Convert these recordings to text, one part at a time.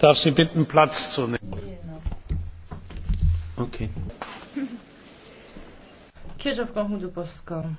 Darf Sie bitten, Platz zu nehmen? Okay. kirchhoff Kieġa f'konħudu poskom.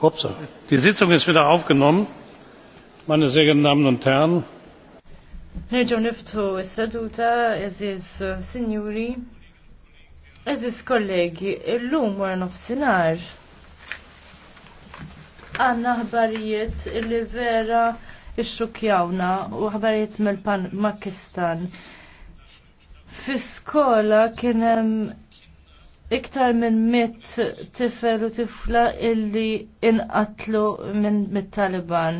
Hopsa. Sitzung aufgenommen. Nerġaw niftu s-seduta, eżiz eh, sinjuri, eżiz kollegi, illum wara nofsinhar. Għanna ħbarijiet li vera ixxukjawna u ħbarijiet mill-Pakistan. Fiskola kien hemm iktar minn mit tifel u tifla illi inqatlu minn mit-Taliban.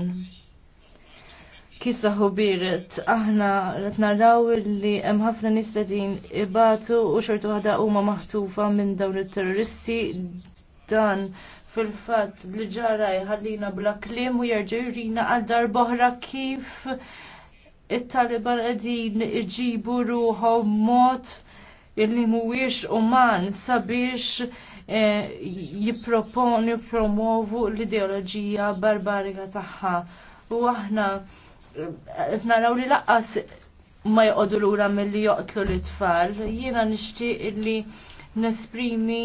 Kisa biret, aħna rrit naraw li hemm ħafna nies din ibatu u xortu ħada huma maħtufa minn dawn it-terroristi dan fil-fatt li ġara jħallina bla kliem u jerġa' jurina għal dar boħra kif it-Taliban qegħdin iġibu ruħhom mod illi mhuwiex uman sabiex eh, jipproponi promovu l-ideoloġija barbarika tagħha. U aħna eh, qed naraw li laqqas ma joqogħdu lura milli joqtlu l-itfal. Jiena nixtieq illi nesprimi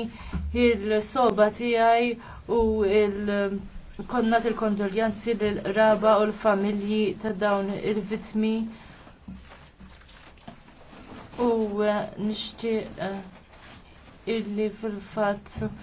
il-soba tiegħi u il konnat il-kondoljanzi l-raba u l-familji ta' dawn il-vitmi. il vitmi u eh, nixtieq eh, illi fil fat